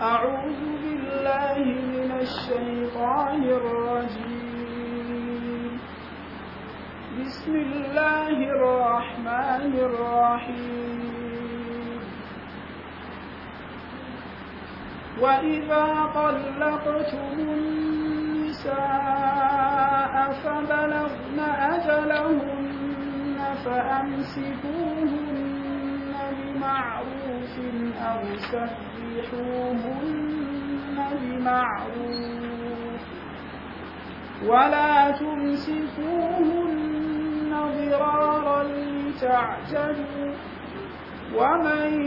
أعوذ بالله من الشيطان الرجيم بسم الله الرحمن الرحيم وإذا طلقتم النساء فبلغن أجلهن فأمسكوهن بمعروف أو سهل فانكحوهن بمعروف ولا تمسكوهن ضرارا لتعتدوا ومن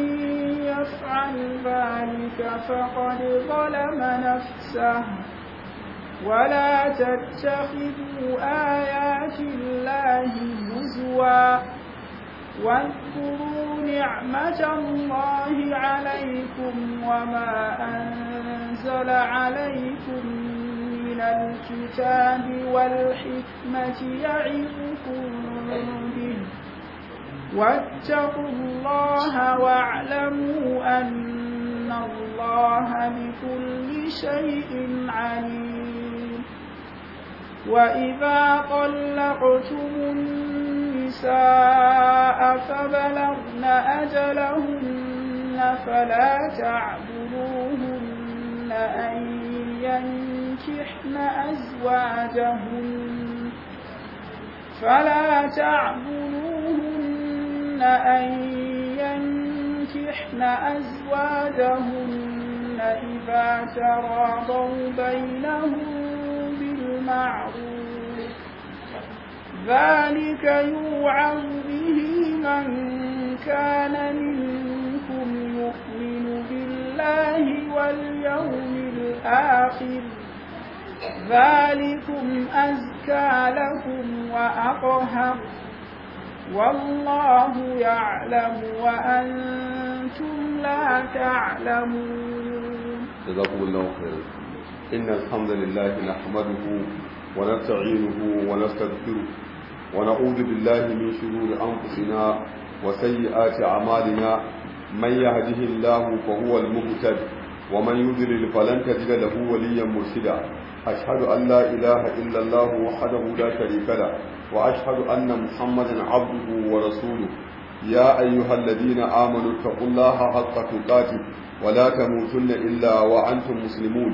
يفعل ذلك فقد ظلم نفسه ولا تتخذوا آيات الله هزوا واذكروا نعمة الله عليكم وما أنزل عليكم من الكتاب والحكمة يعظكم به واتقوا الله واعلموا أن الله بكل شيء عليم وإذا طلقتم النساء فبلغن أجلهن فلا تعبدوهن أن ينكحن أزواجهن فلا تعبدوهن أن ينكحن أزواجهن إذا تراضوا بينهم بالمعروف ذلك يوعظ به من كان منكم يؤمن بالله واليوم الآخر ذلكم أزكى لكم وأطهر والله يعلم وأنتم لا تعلمون جزاكم الله خيرا إن الحمد لله نحمده ونستعينه ونستغفره ونعوذ بالله من شرور أنفسنا وسيئات أعمالنا من يهده الله فهو المهتد ومن يضلل فلن تجد له وليا مرشدا أشهد أن لا إله إلا الله وحده لا شريك له وأشهد أن محمدا عبده ورسوله يا أيها الذين آمنوا اتقوا الله حق تقاته ولا تموتن إلا وأنتم مسلمون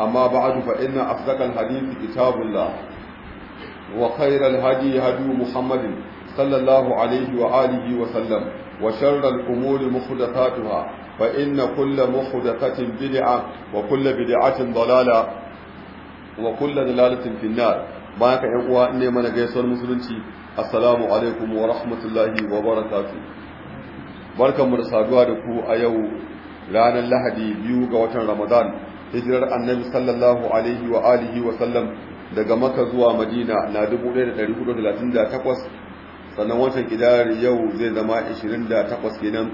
أما بعد فإن أصدق الحديث كتاب الله وخير الهدي هدي محمد صلى الله عليه وآله وسلم وشر الأمور محدثاتها فإن كل محدثة بدعة وكل بدعة ضلالة وكل ضلالة في النار بارك إن قوى إني من جيسر مسلمتي السلام عليكم ورحمة الله وبركاته barkan mu da saduwa da ku a yau ranar lahadi biyu ga watan ramadan hijirar annabi sallallahu alaihi wa alihi wa sallam daga maka zuwa madina na 1438 sannan watan kidayar yau zai zama 28 kenan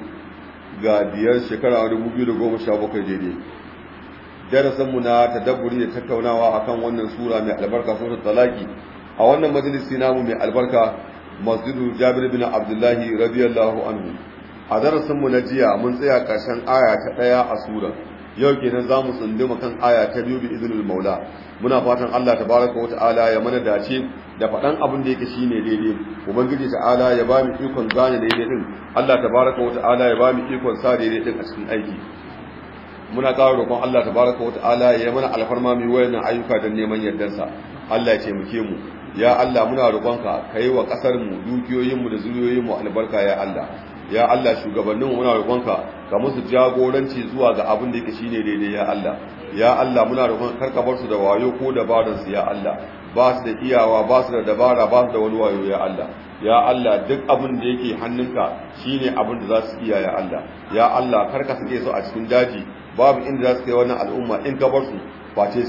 ga biyar shekara 2017 daidai darasinmu na tadabburi da tattaunawa akan wannan sura mai albarka sosai talaki a wannan majalisi namu mai albarka masjidu jabir bin abdullahi radiyallahu anhu a darasinmu na jiya mun tsaya ƙarshen aya ta ɗaya a sura yau kenan za mu tsunduma kan aya ta biyu bi izinin maula muna fatan Allah tabaraka wa ta'ala ya mana dace da faɗan abin da yake shine daidai ubangiji ta'ala ya ba mu ikon gane daidai din Allah baraka wa ta'ala ya ba mu ikon sa daidai din a cikin aiki muna ƙara roƙon Allah tabaraka wa ta'ala ya mana alfarma mai wayannan ayyuka don neman yardarsa Allah ya taimake mu ya Allah muna roƙonka kai wa ƙasarmu, mu dukiyoyin da zuriyoyin albarka ya Allah ya Allah shugabannin muna roƙonka ka musu jagoranci zuwa ga abin da yake shine daidai ya Allah ya Allah muna roƙon karka bar su da wayo ko dabaran su ya Allah ba su da iyawa ba su da dabara ba su da wani wayo ya Allah ya Allah duk abin da yake hannunka shine abin da za su iya ya Allah ya Allah karka sake su a cikin daji babu inda za su kai wannan al'umma in ka bar su face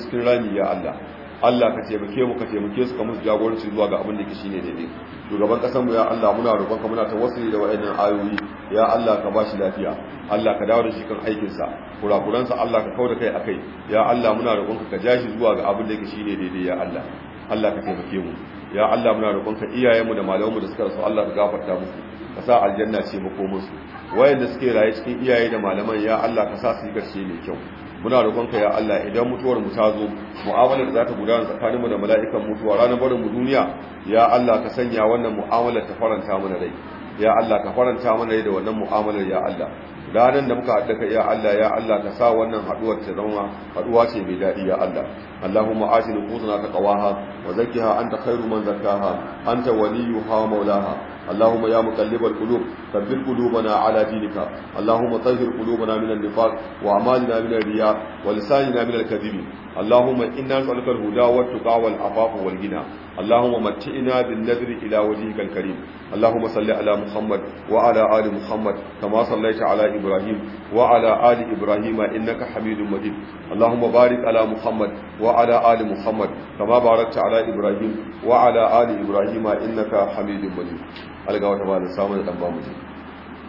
cikin rami ya Allah Allah ka taimake mu ka taimake su ka musu jagoranci zuwa ga abin da ke shine daidai shugaban kasan mu ya Allah muna roƙon ka muna tawassuli da wayannan ayoyi ya Allah ka bashi lafiya Allah ka dawo da shi kan aikin sa kurakuran sa Allah ka kauda kai akai ya Allah muna roƙon ka ka jashi zuwa ga abin da ke shine daidai ya Allah Allah ka taimake mu ya Allah muna roƙon ka iyayen mu da malaman mu da suka rasu Allah ka gafarta musu ka sa aljanna ce mu ko musu wayanda suke raye cikin iyaye da malaman ya Allah ka sa su yi garshe mai kyau muna roƙonka ya Allah idan mutuwar mu ta zo mu'amalar za ta gudana tsakanin mu da mala'ikan mutuwa ranar barin mu duniya ya Allah ka sanya wannan mu'amalar ta faranta mana rai ya Allah ka faranta mana rai da wannan mu'amalar ya Allah ranar da muka haɗa ka ya Allah ya Allah ka sa wannan haɗuwar ta zama haɗuwa ce mai daɗi ya Allah Allahumma atina qutuna taqwaha wa zakkiha anta khairu man zakkaha anta waliyuha wa maulaha اللهم يا مقلب القلوب ثبت قلوبنا على دينك اللهم طهر قلوبنا من النفاق واعمالنا من الرياء ولساننا من الكذب اللهم انا نسالك الهدى والتقى والعفاف والغنى اللهم متئنا بالنذر الى وجهك الكريم اللهم صل على محمد وعلى ال محمد كما صليت على ابراهيم وعلى ال ابراهيم انك حميد مجيد اللهم بارك على محمد وعلى ال محمد كما باركت على ابراهيم وعلى ال ابراهيم انك حميد مجيد alga wata ba da samu da dan ba mutum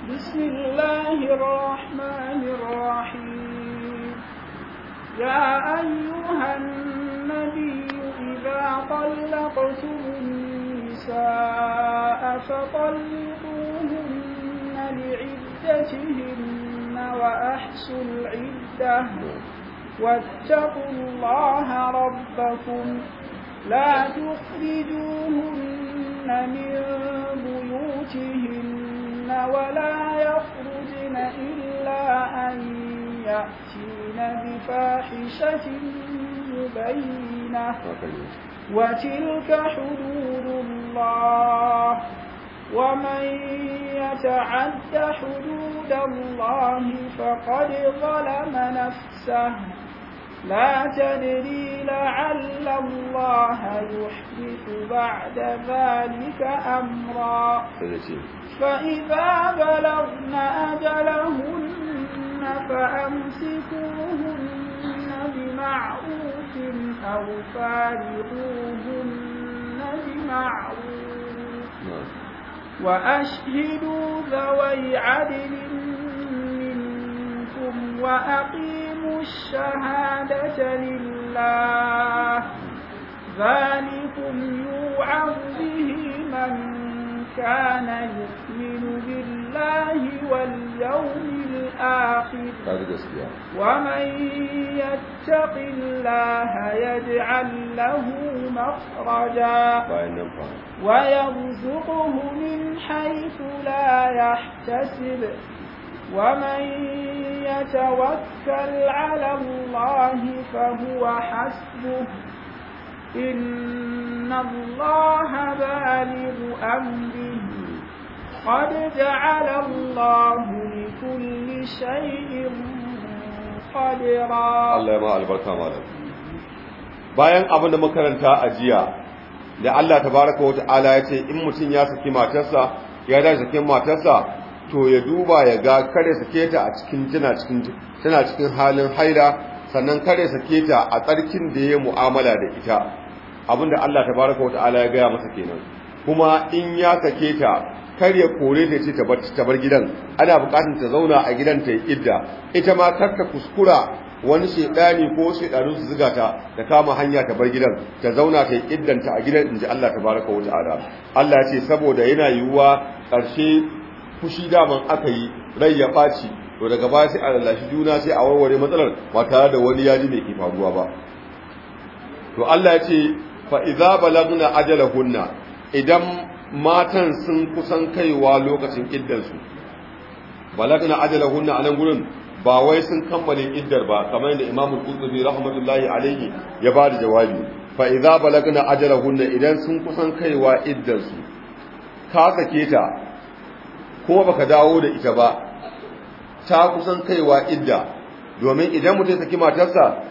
bismillahir rahmanir rahim ya ayyuhan nabiy idza talaqtum nisaa fatalliquhunna li'iddatihinna wa ahsu al-iddah واتقوا الله ربكم لا تخرجوهن يخرجن من بيوتهن ولا يخرجن إلا أن يأتين بفاحشة مبينة وتلك حدود الله ومن يتعد حدود الله فقد ظلم نفسه لا تدري لعل الله يحدث بعد ذلك أمرا فإذا بلغن أجلهن فأمسكوهن بمعروف أو فارقوهن بمعروف وأشهدوا ذوي عدل منكم وأقيموا يقيم الشهادة لله ذلكم يوعظ به من كان يؤمن بالله واليوم الآخر ومن يتق الله يجعل له مخرجا ويرزقه من حيث لا يحتسب ومن يتوكل على الله فهو حسبه إن الله بالغ أمره قد جعل الله لكل شيء قدرا الله يما البركة مالك bayan abin da makaranta a jiya da Allah tabaraka wa ta'ala ya ce in mutum ya saki matarsa ya da saki matarsa to ya duba ya ga kare sake ta a cikin tana cikin tana cikin halin haira sannan kare sake ta a tsarkin da ya mu'amala da ita abinda Allah tabaraka wataala ya gaya masa kenan kuma in ya sake ta kar ya kore ta ce ta bar gidan ana bukatun ta zauna a gidan ta idda ita ma kar ta kuskura wani shedani ko shedanun su zuga ta da kama hanya ta bar gidan ta zauna ta iddanta ta a gidan inji Allah tabaraka wataala Allah ya ce saboda yana yiwuwa ƙarshe fushi daman aka yi rai ya ɓaci to daga baya sai a lalashi juna sai a warware matsalar ba tare da wani yaji mai ke faruwa ba to Allah ya ce fa idza balagna ajalahunna idan matan sun kusan kaiwa lokacin su balagna ajalahunna anan gurin ba wai sun kammale iddar ba kamar yadda Imam Al-Qurtubi rahmatullahi alaihi ya ba da jawabi fa idza balagna ajalahunna idan sun kusan kaiwa iddarsu ka sake ta kuma baka dawo da ita ba ta kusan kaiwa idda domin idan mutum saki matarsa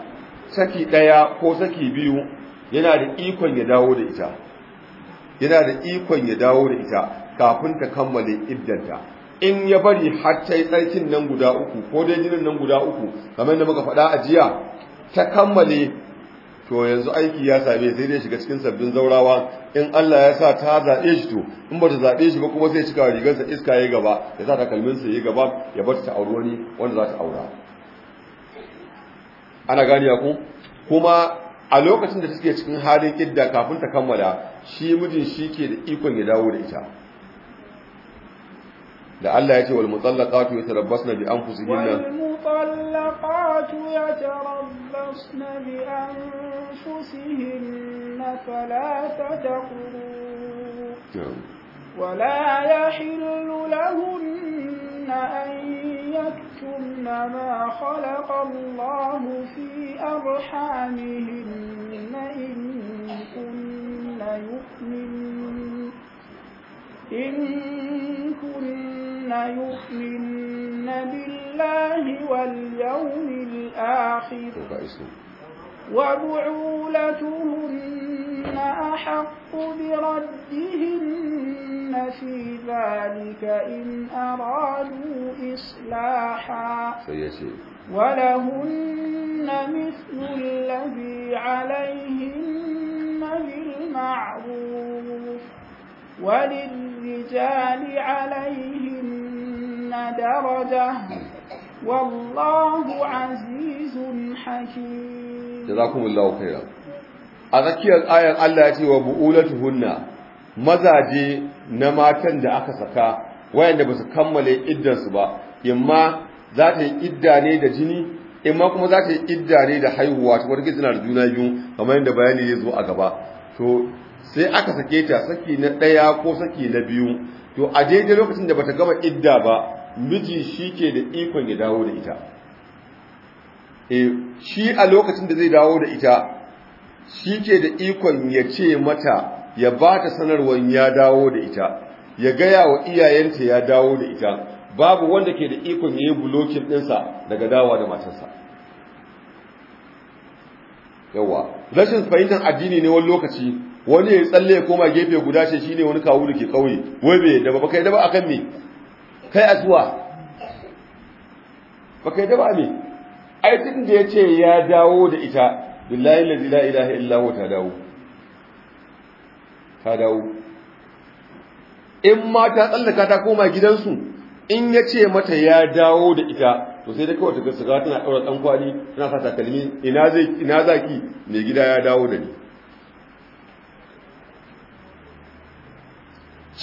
saki ɗaya ko saki biyu yana da ikon ya dawo da ita yana da ikon ya dawo da ita kafin ta kammale iddanta in ya bari har ta yi tsarkin nan guda uku ko dai jinin nan guda uku kamar da muka faɗa a jiya ta kammale to yanzu aiki ya same sai dai shiga cikin sabbin zaurawa in Allah ya sa ta zaɓe shi to in ba ta zaɓe shi ba kuma sai cika rigarsa iska ya gaba ya sa takalminsa ya gaba ya bar ta auri wani wanda za ta aura ana gani ku kuma a lokacin da take cikin halin idda kafin ta kammala shi mijin shi ke da ikon ya dawo da ita da Allah ya ce wal mutallaqatu yatarabbasna bi anfusihinna المطلقات يتربصن بأنفسهن فلا تتقوا نعم. ولا يحل لهن أن يكتمن ما خلق الله في أرحامهن إن كن يؤمن إن كن ليؤمنن بالله واليوم الآخر وبعولتهن أحق بردهن في ذلك إن أرادوا إصلاحا ولهن مثل الذي عليهن بالمعروف وللرجال عليهن درجة والله عزيز حكيم جزاكم الله خيرا أذكي الآية التي وبؤولتهن mazaje na matan da aka saka wayanda ba su kammale iddansu ba imma za ta yi idda ne da jini imma kuma za ta yi idda ne da haihuwa ta wargi suna da juna biyu kamar yadda bayani ya zo a gaba to sai aka sake ta saki na ɗaya ko saki na biyu to a daidai lokacin da bata gama idda ba miji shi ke da ikon ya dawo da ita e shi a lokacin da zai dawo da ita shi ke da ikon ya ce mata ya ba ta sanarwar ya dawo da ita ya gaya wa iyayenta ya dawo da ita babu wanda ke da ikon ya yi bulokin ɗinsa daga dawa da matarsa yawa rashin fahimtar addini ne wani lokaci wani ya tsalle ya koma gefe guda ce ne wani kawu da ke kauye wai bai da ba kai daba a akan me kai asuwa ba kai daba ba me ai tun da ce ya dawo da ita billahi la ilaha illa ta dawo ta dawo in ma ta tsallaka ta koma gidansu in ya ce mata ya dawo da ita to sai da kawai ta gaskiya tana ɗaura ɗan kwali tana sa takalmi ina ina zaki mai gida ya dawo da ni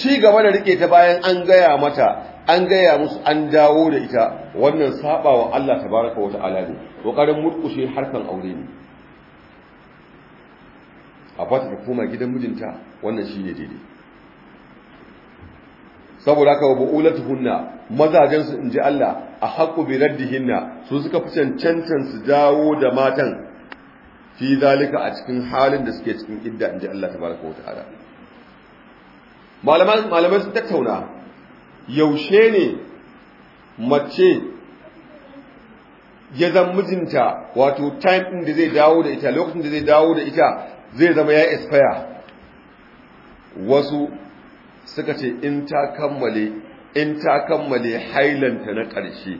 ci gaba da rike ta bayan an gaya mata an gaya musu an dawo da ita wannan wa Allah tabaraka wa ta'ala ne kokarin murkushe harkan aure ne a fata ta koma gidan mijinta wannan shi ne daidai saboda haka bu'ulatuhunna mazajen su inji Allah a haqqu bi raddihinna su suka fi cancantan su dawo da matan fi zalika a cikin halin da suke cikin idda inji Allah tabaraka wa ta'ala malamai sun tattauna yaushe ne mace ya zan mijinta wato time ɗin da zai dawo da ita lokacin da zai dawo da ita zai zama ya espaya wasu suka ce in ta kammale in ta kammale hailanta na ƙarshe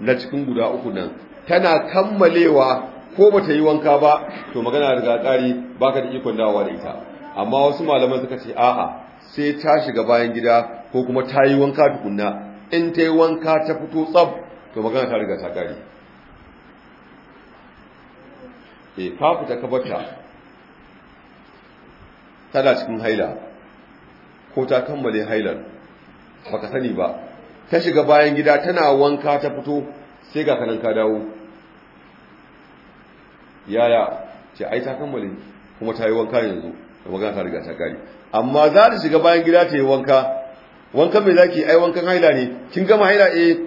na cikin guda uku nan tana kammalewa ko ba ta yi wanka ba to magana daga ƙari ba ka da ikon dawowa da ita amma wasu malamai suka ce a'a sai ta shiga bayan gida ko kuma ta yi wanka tukunna in ta yi wanka ta fito tsab to magana ta riga ta kare e eh, ka fita ka bata tana cikin haila ko ta kammale hailar baka sani ba ta shiga bayan gida tana wanka ta fito sai ga kanan ka dawo yaya ce ai ta kammale kuma ta yi wanka yanzu magana ta riga ta kare amma za ta shiga bayan gida ta yi wanka wanka mai zaki ai wankan haila ne kin gama haila eh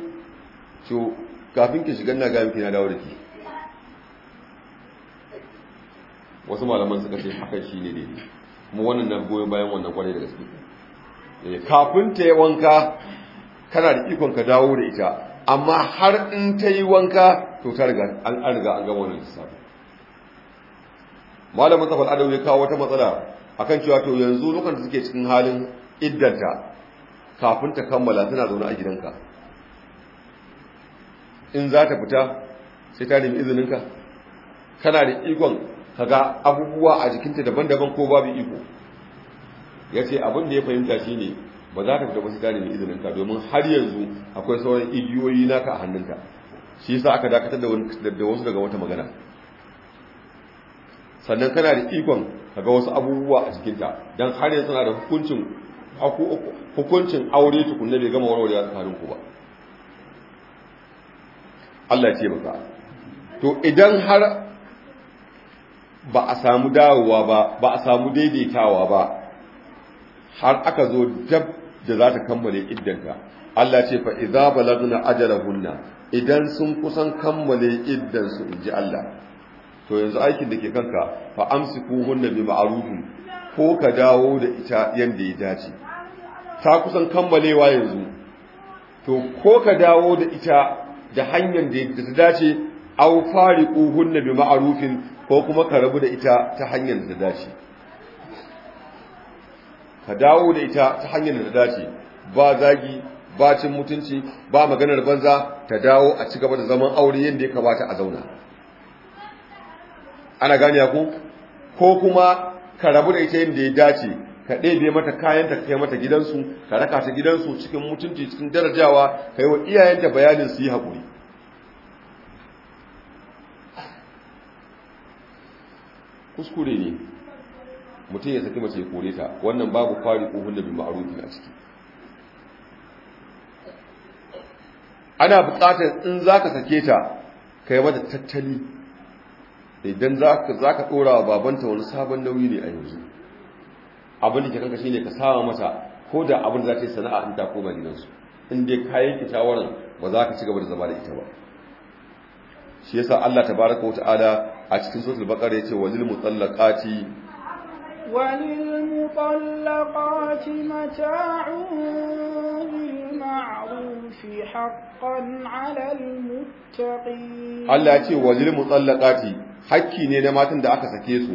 to kafin ki shiga na ga kina na dawo da ki wasu malaman suka ce hakan shine ne kuma wannan na goyon bayan wannan kwarai da gaske eh, kafin ta yi wanka kana da ikon ka dawo da ita amma har in ta yi wanka to ta riga an riga an gama wannan lissafi malamin safal adam ya kawo wata matsala akan cewa to yanzu lokacin da suke cikin halin iddanta kafin ta kammala tana zaune a gidanka in za ta fita sai ta nemi izininka kana da ikon kaga abubuwa a jikinta daban-daban ko babu iko ya ce abin da ya fahimta shi ne ba za ta fita ba sai ta nemi izininka domin har yanzu akwai sauran igiyoyi naka a hannunka shi yasa aka dakatar da wasu daga wata magana sannan kana da ikon kaga wasu abubuwa a jikinta don har yanzu na da hukuncin hukuncin aure tukunna bai gama warware tsakanin ku ba Allah ce taimaka to idan har ba a samu dawowa ba ba a samu daidaitawa ba har aka zo dab da za ta kammale iddanta Allah ce fa idza balagna ajalahunna idan sun kusan kammale iddansu inji Allah to yanzu aikin da ke kanka fa ku hunna bi ma'rufin ko ka dawo da ita yanda ya dace ta kusan kammalewa yanzu to ko ka dawo da ita da hanyar da ta dace au fariqu hunna bi ma'rufin ko kuma ka rabu da ita ta hanyar da ta dace ka dawo da ita ta hanyar da ta dace ba zagi ba cin mutunci ba maganar banza ta dawo a cigaba da zaman aure yanda ya kamata a zauna ana gane ku ko kuma ka rabu da ita yadda ya dace ka ɗebe mata kayan ta kai mata gidansu ka raka ta gidansu cikin mutunci cikin darajawa ka yi wa iyayenta bayanin su yi haƙuri kuskure ne mutum ya saki mace kore ta wannan babu fari ko hunda bin ma'arufi a ciki ana buƙatar in za ka sake ta ka yi mata tattali idan za ka tsora wa babanta wani sabon nauyi ne a yanzu abin da ke kanka shi ne ka sama mata ko da abin da za ta yi sana'a in ta koma gidansu in dai ka yanke shawarar ba za ka ci gaba da zama da ita ba shi yasa Allah tabaraka wata'ala a cikin suratul ya ce walil mutallaqati walil mutallaqati mata'un bil ma'ruf haqqan 'alal muttaqin Allah ce walil mutallaqati hakki ne na matan da aka sake su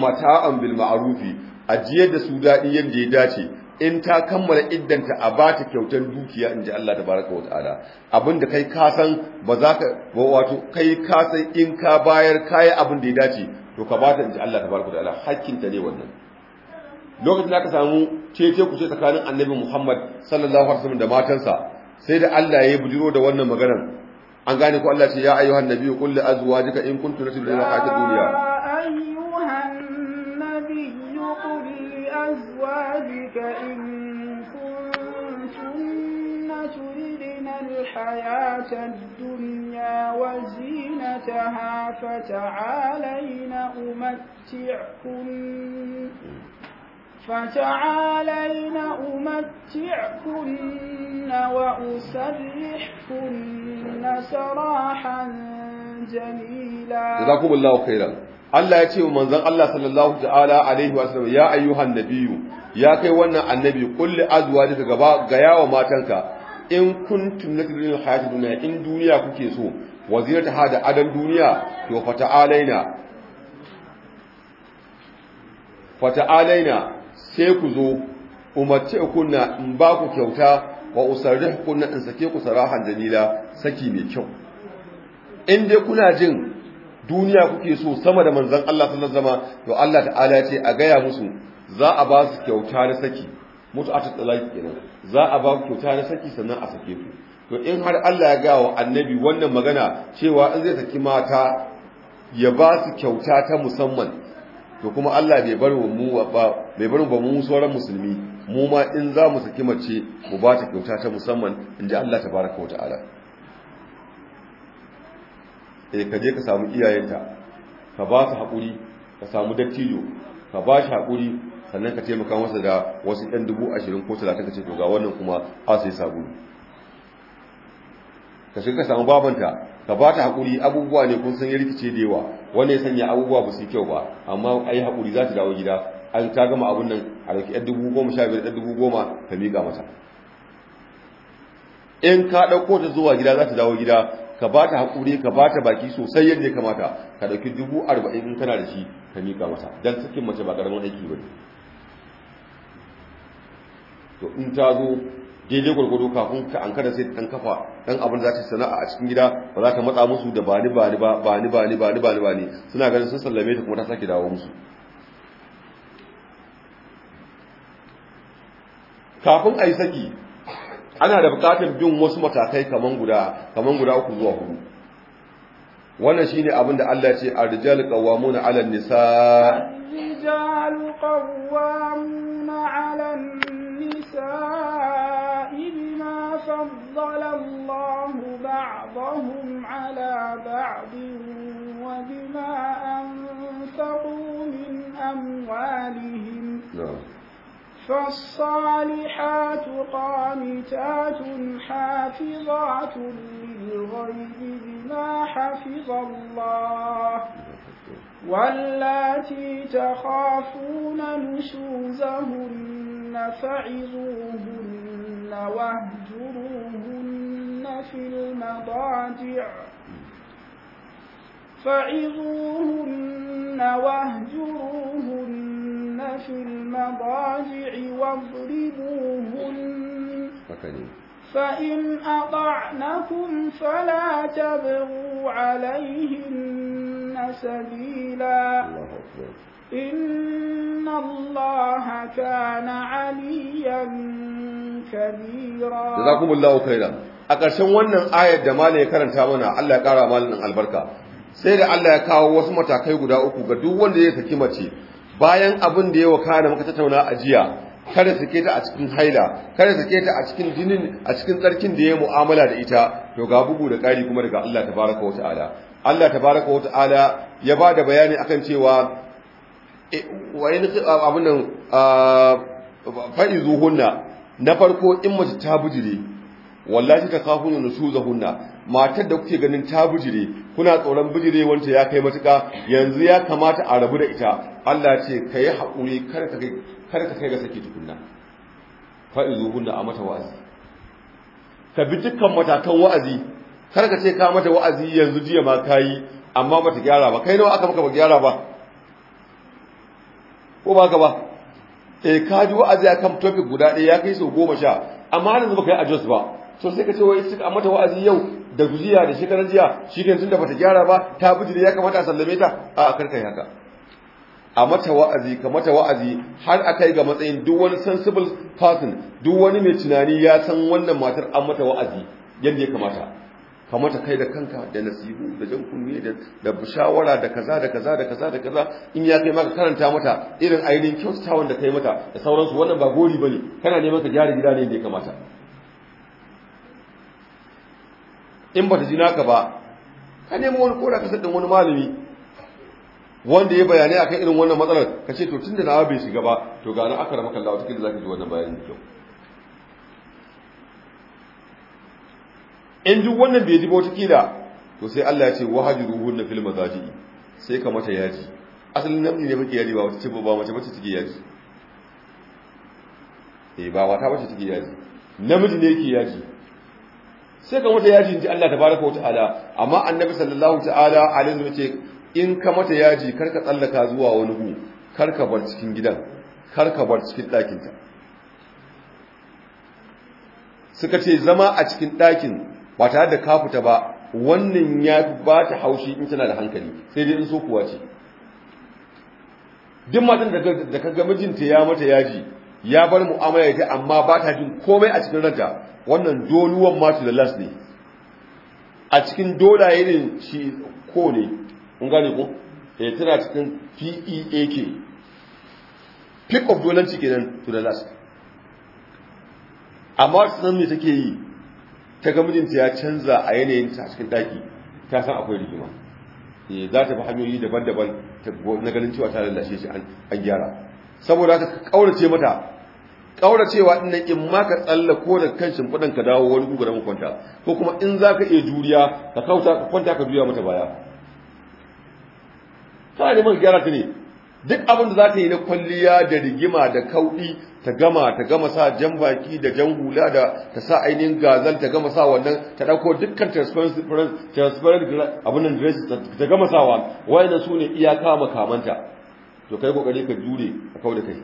mata'an bil ma'rufi ajiye da su dadi yadda ya dace in ta kammala iddanta a ba ta kyautar dukiya in ji Allah tabaraka wa ta'ala abinda kai ka san ba za ka wato kai ka san in ka bayar kayan abin da ya dace to ka ba ta in ji Allah tabaraka wa ta'ala hakkinta ne wannan lokacin da ka samu cece ku ce tsakanin annabi Muhammad sallallahu alaihi wasallam da matansa sai da Allah ya bujiro da wannan maganar an gane ko Allah ce ya ayyuhan nabiyyu qul li azwajika in kuntunna tudrina dunya ayyuhan nabiyyu qul li azwajika in kuntunna tudrina alhayatad dunya wa فتعالين أمتعكن وأسرحكن سراحا جميلا جزاكم الله خيرا Allah ya ce wa manzon Allah sallallahu ta'ala alaihi wa sallam ya ayyuhan nabiyyu ya kai wannan annabi kulli azwajika gaba ga yawa matanka in kuntum natridun hayatid dunya in duniya kuke so wazirata hada adan duniya to fata alaina. sai ku zo umarce kunna in ba ku kyauta wa usarrih kunna in sake ku sarahan dalila saki mai kyau in dai kuna jin duniya kuke so sama da manzon Allah sallallahu alaihi wasallam to Allah ta'ala ya ce a gaya musu za a ba su kyauta na saki mutu a tattalaki kenan za a ba ku kyauta na saki sannan a sake ku to in har Allah ya ga wa annabi wannan magana cewa in zai saki mata ya ba su kyauta ta musamman to kuma Allah bai bar mu ba bai bar mu sauran musulmi mu ma in za mu saki mace mu ba ta kyauta ta musamman inji Allah tabaraka wa ta'ala eh ka je ka samu iyayenta ka ba su haƙuri ka samu dattijo ka ba shi haƙuri sannan ka taimaka masa da wasu ɗan dubu ashirin ko talatin ka ce to ga wannan kuma a' asai sabulu ka shiga samu babanta ka ba ta haƙuri abubuwa ne kun san ya rikice da yawa wanda ya sanya abubuwa ba su kyau ba amma a yi haƙuri za ta dawo gida an ta gama abun nan a ɗauki ɗan dubu goma sha biyar ɗan dubu goma ka miƙa mata in ka ɗauko ta zuwa gida za ta dawo gida ka ba ta haƙuri ka ba ta baki sosai yadda ya kamata ka ɗauki dubu arba'in in kana da shi ka miƙa mata don sakin mace ba ƙaramin aiki ba ne to in ta zo daidai gwargwado kafin ka an kada sai dan kafa dan abin za ta sana'a a cikin gida ba za ta matsa musu da bani bani ba bani bani bani bani bani suna ganin sun sallame ta kuma ta sake dawo musu kafin a yi saki ana da buƙatar bin wasu matakai kaman guda kaman guda uku zuwa hudu wannan shine abin da Allah ce arjal qawwamuna 'ala an-nisa arjal qawwamuna 'ala an-nisa فضل الله بعضهم على بعض وبما أنفقوا من أموالهم نعم. فالصالحات قانتات حافظات للغيب بما حفظ الله واللاتي تخافون نشوزهن فعظوهن واهجروهن في المضاجع فعظوهن واهجروهن في المضاجع واضربوهن فإن أطعنكم فلا تبغوا عليهن سبيلا إن الله كان a ƙarshen wannan ayar da malai ya karanta mana Allah ya ƙara malin albarka sai da Allah ya kawo wasu matakai guda uku ga duk wanda zai saki mace bayan abin da ya da muka tattauna a jiya kada ke ta a cikin haila kada ke ta a cikin jinin a cikin tsarkin da ya mu'amala da ita to ga bugu da ƙari kuma daga Allah tabaraka wa ta'ala Allah tabaraka wa ta'ala ya ba da bayani akan cewa e, wa in abun nan fa'izuhunna na farko in mace ta bujire wallahi su kafuna hunna. matar da kuke ganin ta bujire kuna tsoron bujire wanda ya kai matuka yanzu ya kamata a rabu da ita Allah ce kai haƙuri kada ka kar ka kai ga saki tukunna fa'izuhunna a mata wa'azi ka bi dukkan matakan wa'azi kar ka ce ka mata wa'azi yanzu jiya ma kayi amma mata gyara ba kai nawa aka maka ba gyara ba ko ba ka ba eh ka ji wa'azi akan topic guda ɗaya ya kai sau goma sha amma yanzu ba kai adjust ba so sai ka ce wai a mata wa'azi yau da gujiya da shekaran jiya shi ne tun da bata gyara ba ta bijire ya kamata a sallame ta a karkai haka a mata wa'azi ka mata wa'azi har a kai ga matsayin duk wani sensible person duk wani mai tunani ya san wannan matar an mata wa'azi yadda ya kamata ka mata kai da kanka da nasihu da jan kunne da da da kaza da kaza da kaza da kaza in ya kai maka karanta mata irin ainihin kyautatawan da kai mata da sauransu wannan ba gori ne. kana neman ka gyara gida ne da ya kamata in ba ta ji naka ba ka nemo wani kora ka ɗin wani malami wanda ya bayani akan irin wannan matsalar ka ce to da nawa bai shiga ba to gani aka rama kallawa cikin zaki ji wannan bayanin kyau in duk wannan bai ji wata kila to sai Allah ya ce ruhun na za ji sai ka mata yaji asalin namni ne muke yaji ba wata ce ba mace mace take yaji eh ba wata mace take yaji namiji ne yake yaji sai ka mata yaji in ji Allah tabaraka wa ta'ala amma annabi sallallahu ta'ala alaihi ya ce in ka mata yaji karka tsallaka zuwa wani gu karka bar cikin gidan karka bar cikin ɗakinta suka ce zama a cikin ɗakin ba tare da kafuta ba wannan ya fi ba ta haushi in tana da hankali sai dai in so kuwa ce duk matan da ka ga mijinta ya mata yaji ya bar mu'amala ita amma ba ta jin komai a cikin ranta wannan doluwan matu da las ne a cikin dolaye ne shi ko ne kun ko eh tana cikin PEAK pick of dolanci kenan to the last amma sunan me take yi ta ga mijinta ya canza a yanayin ta cikin daki ta san akwai rigima eh za ta bi hanyoyi daban-daban na ganin cewa ta lalace shi an gyara saboda haka kaurace mata kauracewa din nan in ma ka tsalla ko da kan shimfidan ka dawo wani gugu da kwanta ko kuma in zaka iya juriya ka kauta ka kwanta ka juya mata baya tana man gyara ta ne duk abin da za ta yi na kwalliya da rigima da kauɗi ta gama ta gama sa jan baki da jan hula da ta sa ainihin gazal ta gama sa wannan ta ɗauko dukkan transparent abin nan dress ta gama sawa wayannan su ne iyaka makamanta to kai kokari ka jure a kau da kai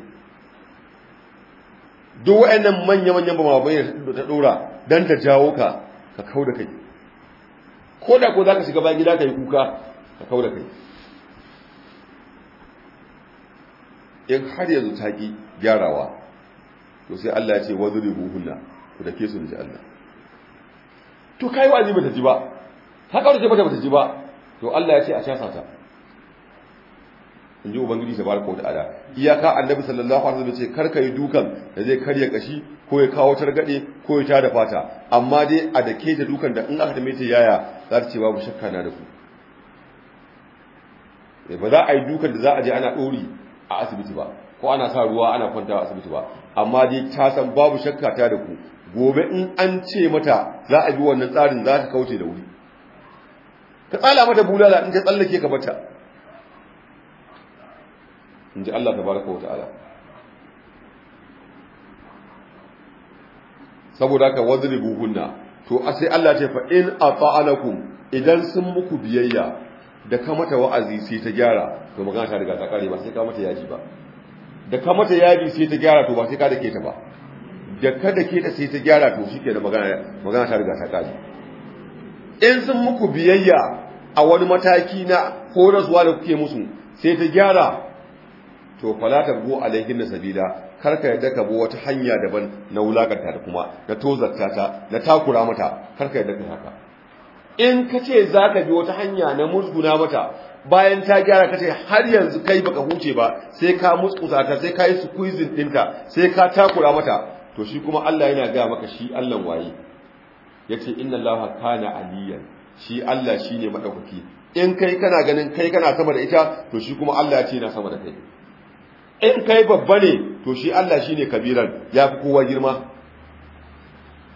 duk wayannan manya-manyan bamabai da ta ɗora don ta jawo ka ka kau da kai ko da ko za ka shiga bayan gida ka yi kuka ka kau da kai in har yanzu ta ki gyarawa to sai Allah ya ce wadribu buhunna ku da ke su da Allah to kai wazi bata ji ba haka wata bata bata ji ba to Allah ya ce a casa ta in ji ubangiji tabaraka wa ta'ala iyaka annabi sallallahu alaihi wasallam ce kar kai dukan da zai karya kashi ko ya kawo targade ko ya tada fata amma dai a da ke ta dukan da in aka dame ta yaya za ta ce babu shakka na da ku eh, ba za a yi dukan da za a je ana dori a asibiti ba ko ana sa ruwa ana kwanta a asibiti ba amma dai ta san babu shakka ta da ku gobe in an ce mata za a bi wannan tsarin za ta kauce da wuri ka tsala mata bulala in ka tsallake ka bata in ji Allah tabaraka wa ta'ala saboda ka wadribu buhunna, to sai Allah ce fa in ata'alakum idan sun muku biyayya da ka mata wa'azi sai ta gyara to magana ta riga ta kare ba sai ka mata yaji ba da ka mata yaji sai ta gyara to ba sai ka dake ta ba da ka dake ta sai ta gyara to shi ke da magana magana ta riga ta kare in sun muku biyayya a wani mataki na horaswa da kuke musu sai ta gyara to fala tabgo alaihin da sabila kar ka yadda ka bo wata hanya daban na wulakanta da kuma na tozarta ta na takura mata kar ka yadda ka haka in ka ce za ka bi wata hanya na musguna mata bayan ta gyara ka ce har yanzu kai baka huce ba sai ka muskuta ta sai ka yi su kuizin ɗinta sai ka takura mata to shi kuma Allah yana gaya maka shi Allah waye yace inna allaha kana aliyan shi Allah shi ne madaukaki in kai kana ganin kai kana sama da ita to shi kuma Allah ya ce yana sama da kai in kai babba ne to shi Allah shi shine kabiran fi kowa girma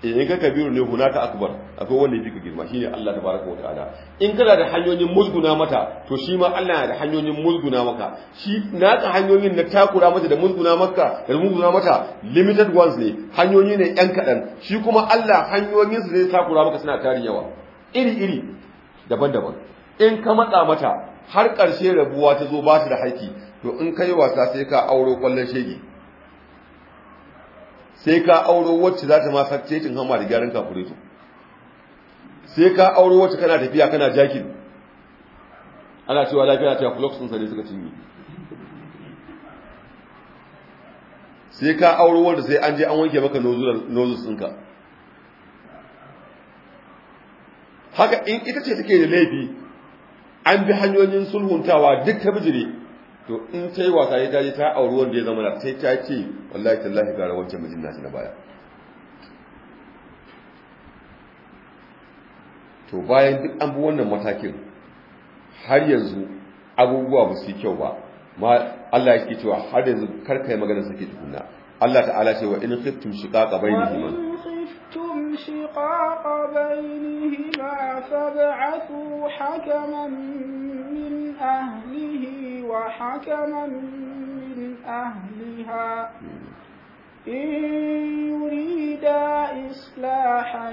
in ka kabiru ne hunaka akbar akwai wanda yake ka girma shine Allah tabaraka wataala in kana da hanyoyin musguna mata to shi ma Allah yana da hanyoyin musguna maka shi naka hanyoyin na takura mata da musguna maka da musguna mata limited ones ne hanyoyi ne yan kadan shi kuma Allah hanyoyin su ne takura maka suna tarin yawa iri iri daban-daban in ka matsa mata har ƙarshe rabuwa ta zo ba su da haiki to in kai wasa sai ka auro kwallon shege sai ka auro wacce za ta ma cecin hama da gyaran kafureto sai ka auro wacce kana tafiya kana jakin ana cewa lafiya ta kulox sun sare suka cinye sai ka auro wanda sai an je an wanke maka nozus ɗinka haka in ita ce take da laifi an bi hanyoyin sulhuntawa duk ta bijire to in ta yi wasa ya daji ta auri wanda ya zama na sai ta ce wallahi tallahi gara wancan mijin nashi na baya to bayan duk an bi wannan matakin har yanzu abubuwa ba su yi kyau ba ma Allah yake cewa har yanzu kar yi magana sake tukunna Allah ta'ala cewa in khiftum shiqaqa bainihima in khiftum shiqaqa bainihima fab'athu hakaman min ahlihi وحكما من أهلها إن يريد إصلاحا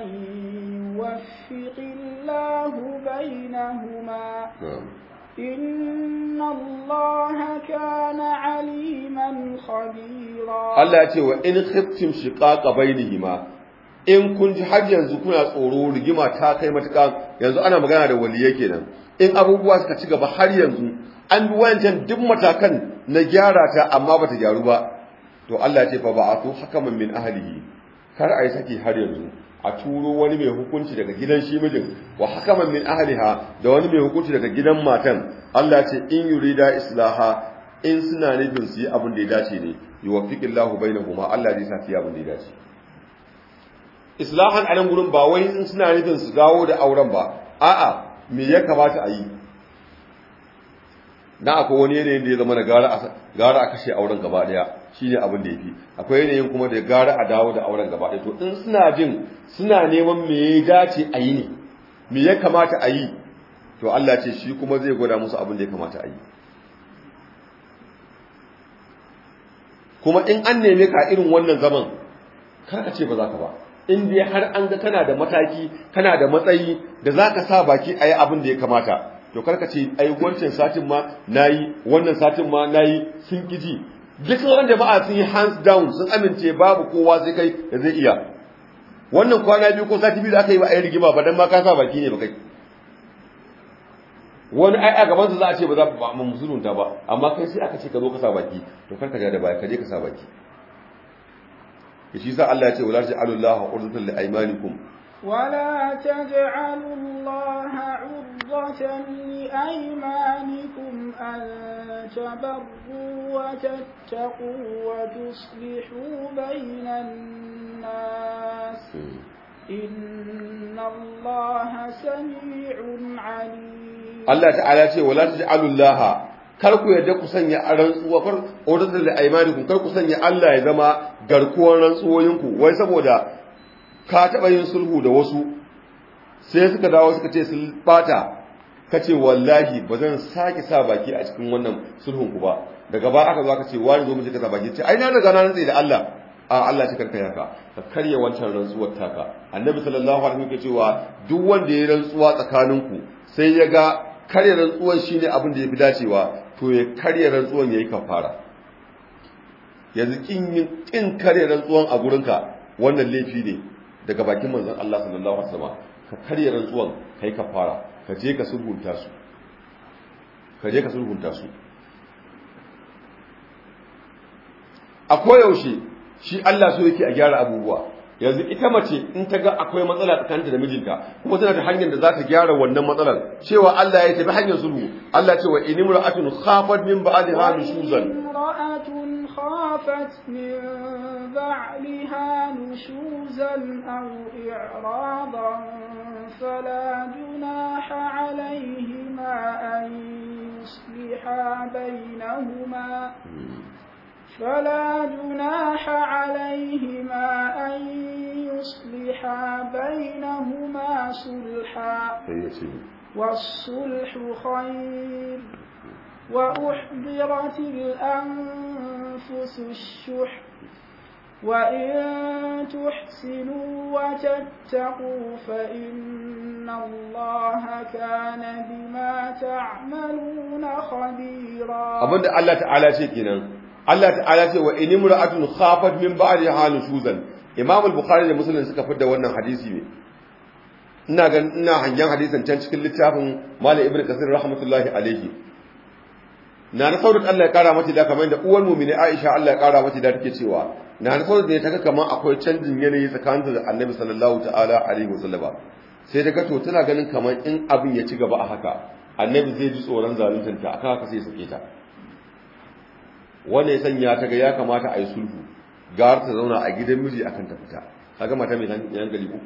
يوفق الله بينهما إن الله كان عليما خبيرا هل يأتي وإن خفتم شقاق بينهما in kun ji har yanzu kuna tsoro rigima ta kai matuƙa yanzu ana magana da waliyai kenan in abubuwa suka ci gaba har yanzu an bi wancan duk matakan na gyara ta amma bata gyaru ba to Allah ya ce fa ba'athu hakaman min ahlihi kar ai saki har yanzu a turo wani mai hukunci daga gidan shi mijin wa hakaman min ahliha da wani mai hukunci daga gidan matan Allah ce in yurida islaha in suna nufin su yi abin da ya dace ne yuwaffiqillahu bainahuma Allah zai sa su yi abin da ya dace islahan anan gurin ba wai in suna nufin su dawo da auren ba a'a me ya kamata a yi na akwai wani yanayin da ya zama na gara a kashe auren gaba daya shi ne abin da ya fi akwai yanayin kuma da gara a dawo da auren gaba daya to in suna jin suna neman me ya dace a yi ne me ya kamata a yi to Allah ce shi kuma zai gwada musu abin da ya kamata a yi kuma in an neme ka irin wannan zaman kar ka ce ba za ka ba in dai har an ga kana da mataki kana da matsayi da za ka sa baki a yi abin da ya kamata to karka ce ai wancan satin ma nayi wannan satin ma nayi sun kiji duk sauran jama'a sun yi hands down sun amince babu kowa sai kai da zai iya wannan kwana biyu ko sati biyu da aka yi ba a yi rigima ba dan ma ka sa baki ne ba kai wani ai a gaban za a ce ba za ba mun musulunta ba amma kai sai aka ce ka zo ka sa baki to karka ga da baya ka je ka sa baki shi sa Allah ya ce wala ta'alullahu urdatul li aymanikum ولا تجعلوا الله عرضة لأيمانكم أن تبروا وتتقوا وتصلحوا بين الناس إن الله سميع عليم الله تعالى ولا تجعلوا الله karku yadda ku sanya a rantsuwa kar ku da aimanikum kar ku sanya Allah ya zama garkuwar rantsuwoyinku wai saboda ka taɓa yin sulhu da wasu sai suka dawo suka ce sun bata ka ce wallahi ba zan sake sa baki a cikin wannan sulhun ku ba daga ba aka zo aka ce wani zo mu ka sa baki ce ai na riga na rantsa da Allah a Allah ce karka yaka ka karya wancan rantsuwar taka annabi sallallahu alaihi wasallam ce cewa duk wanda ya rantsuwa tsakaninku sai ya ga karya rantsuwar shine abin da fi dacewa to ya karya rantsuwar yayi kafara yanzu kin kin karya rantsuwar a gurinka wannan laifi ne daga bakin manzon Allah sallallahu alaihi wasallam ka karya rantsuwan kai ka fara ka je ka sulhunta su ka je ka sulhunta su a koyaushe shi Allah so yake a gyara abubuwa yanzu ita mace in ta ga akwai matsala tsakanin da mijinta kuma tana da hanyar da za ta gyara wannan matsalar cewa Allah ya tafi hanyar sulhu Allah ce wa inimra'atun khafat min ba'daha nushuzan خافت من بعلها نشوزا أو إعراضا فلا جناح عليهما أن يصلحا بينهما فلا جناح عليهما أن يصلحا بينهما صلحا والصلح خير وأحضرت الأنفس النفوس الشح وإن تحسنوا وتتقوا فإن الله كان بما تعملون خبيرا أبدا الله تعالى شكنا Allah ta'ala ce wa in imra'atun khafat min ba'di halin shuzan Imam al-Bukhari da Muslim suka fitar da wannan hadisi ne ina ga ina hangen hadisin can cikin littafin Malam Ibn kasir rahmatullahi alaihi na na saurin Allah ya kara mata da kamar da uwar mumini Aisha Allah ya kara mata da take cewa na na saurin da ta ga kamar akwai canjin yanayi tsakanin da Annabi sallallahu ta'ala alaihi Wasallama. sai daga to tana ganin kamar in abin ya ci gaba a haka Annabi zai ji tsoron zaluntanta aka haka sai ya sake ta wanda ya sanya ta ga ya kamata a yi sulhu gara ta zauna a gidan miji akan ta fita kaga mata mai yan gari ku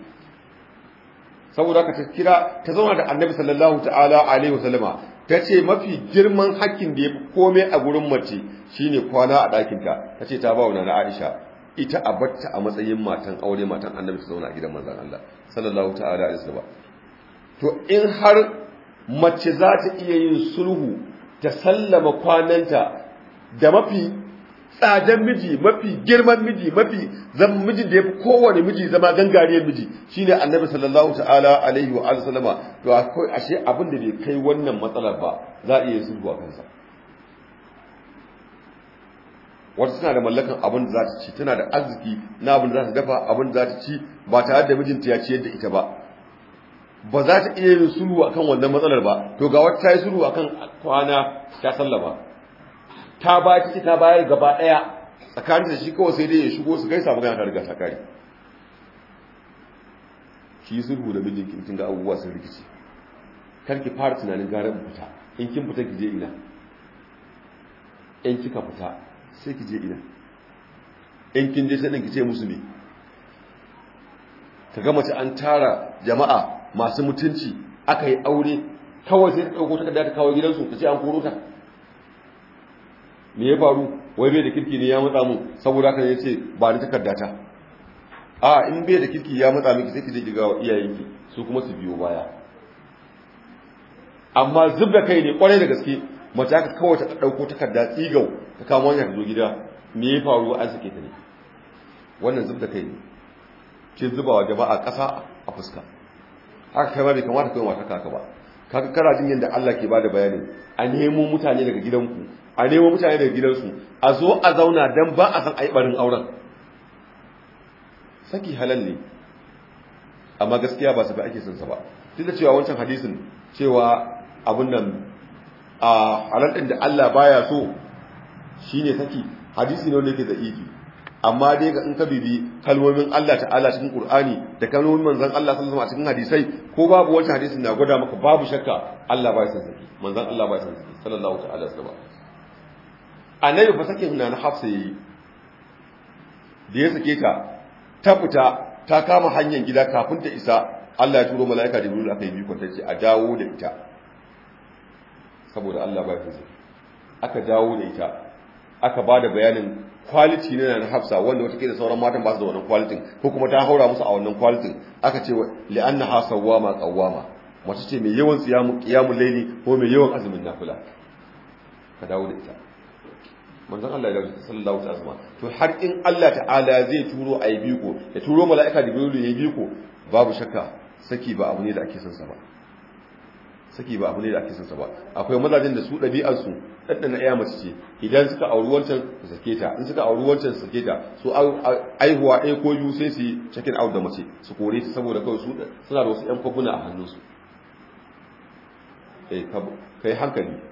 saboda ka ta kira ta zauna da Annabi sallallahu ta'ala alaihi wasallama ta ce mafi girman hakkin da ya fi komai a gurin mace shine kwana a ɗakinta ta ce ta bawa wa nana aisha ita a batta a matsayin matan aure matan annabi ta zauna a gidan manzan allah sallallahu ta'ala isa ba to in har mace za ta iya yin sulhu ta sallama kwananta da mafi tsadan miji mafi girman miji mafi zan miji da ya fi kowane miji zama gangariyar miji shine annabi sallallahu ta'ala alaihi wa sallama to akwai ashe abin da bai kai wannan matsalar ba za a iya sulhu a kansa wata tana da mallakan abin da za ta ci tana da arziki na abin da za ta dafa abin da za ta ci ba tare da mijinta ya ci yadda ita ba ba za ta iya yin sulhu akan wannan matsalar ba to ga wata ta yi sulhu akan kwana ta sallama ta ba ta ce ta bayar gaba daya tsakanin da shi kawai sai dai ya shigo su gaisa magana ta riga ta kare shi sulhu da mijinki in kin ga abubuwa sun rikici kar ki fara tunanin gara fita in kin fita ki je ina in kika fita sai ki je ina in kin je sai ki ce musu ne ka ga mace an tara jama'a masu mutunci aka yi aure kawai sai ta ɗauko ta ta kawo gidansu ta ce an koro ta me ya faru wai bai da kirki ne ya matsa mu saboda haka ce ba ni takarda ta a in bai da kirki ya matsa miki sai ki je ki ga iyayenki su kuma su biyo baya amma zubda kai ne kwarai da gaske mace aka kawai ta dauko takarda tsigau ta kama wani ta zo gida me ya faru an sake ta ne wannan zubda kai ne ke zubawa a ƙasa a fuska haka kai ma bai kamata kai mata kaka ba kaga kana jin yadda Allah ke bada bayani a nemo mutane daga gidanku a nemo mutane da gidansu a zo a zauna don ba a san aibarin auren saki halal ne amma gaskiya ba su fi ake sansa ba duk da cewa wancan hadisin cewa abin nan a halal ɗin da Allah baya so shi ne saki hadisi ne wanda yake da ifi amma dai ga in ka bibi kalmomin Allah ta'ala cikin Qur'ani da kalmomin manzon Allah sallallahu alaihi wasallam a cikin hadisai ko babu wata hadisin na gwada maka babu shakka Allah baya son saki manzon Allah baya son saki sallallahu ta'ala alaihi wasallam annabi fa sake na hafsa yayi da ya sake ta ta fita ta kama hanyar gida kafin ta isa Allah ya turo mala'ika da Jibril aka yi kwata ce, a dawo da ita saboda Allah ba ya aka dawo da ita aka ba da bayanin quality na na hafsa wanda wata da sauran matan ba su da wannan quality ko kuma ta haura musu a wannan quality aka ce li'anna hasawwa ma qawwama mace ce mai yawan tsiyamu qiyamul layli ko mai yawan azumin nafila ka dawo da ita manzan Allah da sallallahu alaihi wasallam to har in Allah ta'ala zai turo yi biko ya turo mala'ika da ya yi biko babu shakka saki ba abu ne da ake son sa ba saki ba abu ne da ake son sa ba akwai mazajin da su dabi'ar su daddana iya mace ce idan suka auri wancan su sake ta in suka auri wancan su sake ta su aihuwa ɗaya ko biyu sai su check out da mace su kore ta saboda kawai su suna da wasu yan kwabuna a hannunsu eh, kai hankali